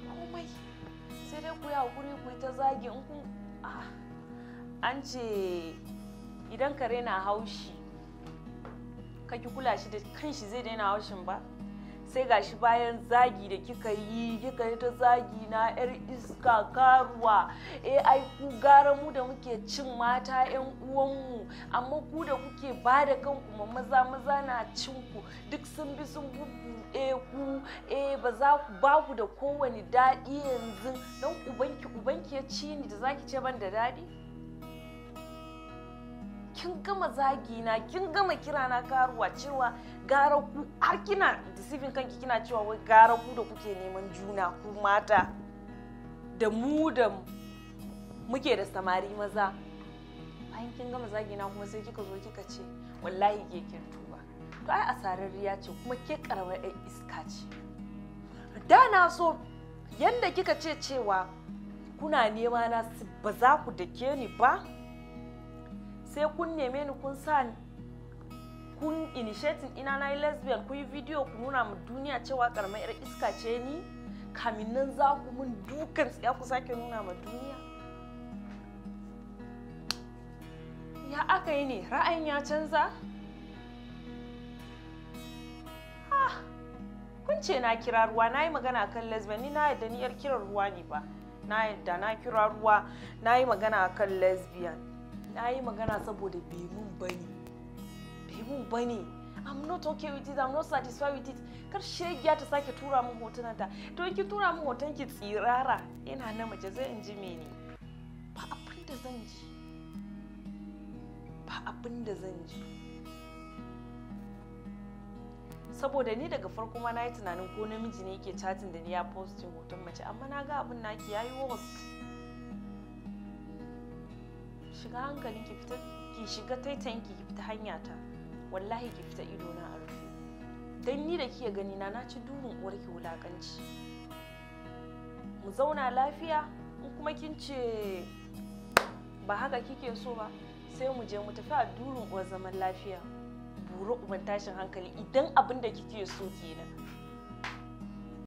komai sai dai ku yi hakuri ku yi ta zagi in kun ah, an ce idan kare na haushi kaki kula shi da kanshi zai daina haushin ba sai gashi bayan zagi da kika yi kika yi ta zagi na yar iska karuwa eh, ai ku gara mu da muke cin mata yan uwanmu amma ku da kuke ba da kanku ma maza maza na cin ku duk sun bi sun bubbuɗe ku ba za ku ba ku da kowani daɗi yanzu don ubanki ubanki ya ci ni da zaki ce ban da daɗi kin gama zagi na kin gama kira karuwa cewa gara ku har kina sifin kanki kina cewa wai gara ku da kuke neman juna ku mata da mu da muke da samari maza bayan kin gama zagi kuma sai kika zo kika ce wallahi ke kin tuba to ai asararriya ce kuma ke karamar iska ce da na so yadda kika ce cewa kuna nema na ba za ku dake ni ba sai kun neme ni kun sa kun initiatin' ina na lesbian kun yi video ku nuna mu duniya cewa karamar yar iska ce ni kamin nan za ku mun dukan ya ku sake nuna ma duniya ya aka yi ne ra'ayin ya canza ce na kira ruwa na yi magana a kan lesbian ni na yadda ni kira ruwa ne ba na yadda na kira ruwa na yi magana a kan lesbian na yi magana saboda bai mun bane bai mun bane I'm not okay with it, I'm not satisfied with it. Kar shegiya ta sake tura min hotunanta. To ki tura min hoton ki tsirara Ina na mace zai in ji mene. Ba abin da zan ji. Ba abin da zan ji. saboda ni daga farko ma na yi tunanin ko namiji ne yake chatin da ni ya postin hoton mace amma na ga abin naki ya yi worst shiga hankalin ki fita ki shiga taitan ki ki fita hanya ta wallahi ki fita ido na a rufe dan ni da kiya gani na na ci uwar ki wulakanci mu zauna lafiya in kuma kin ce ba haka kike so ba sai mu je mu tafi a durin uwar zaman lafiya ru'uban tashin hankali idan abin da kike so kenan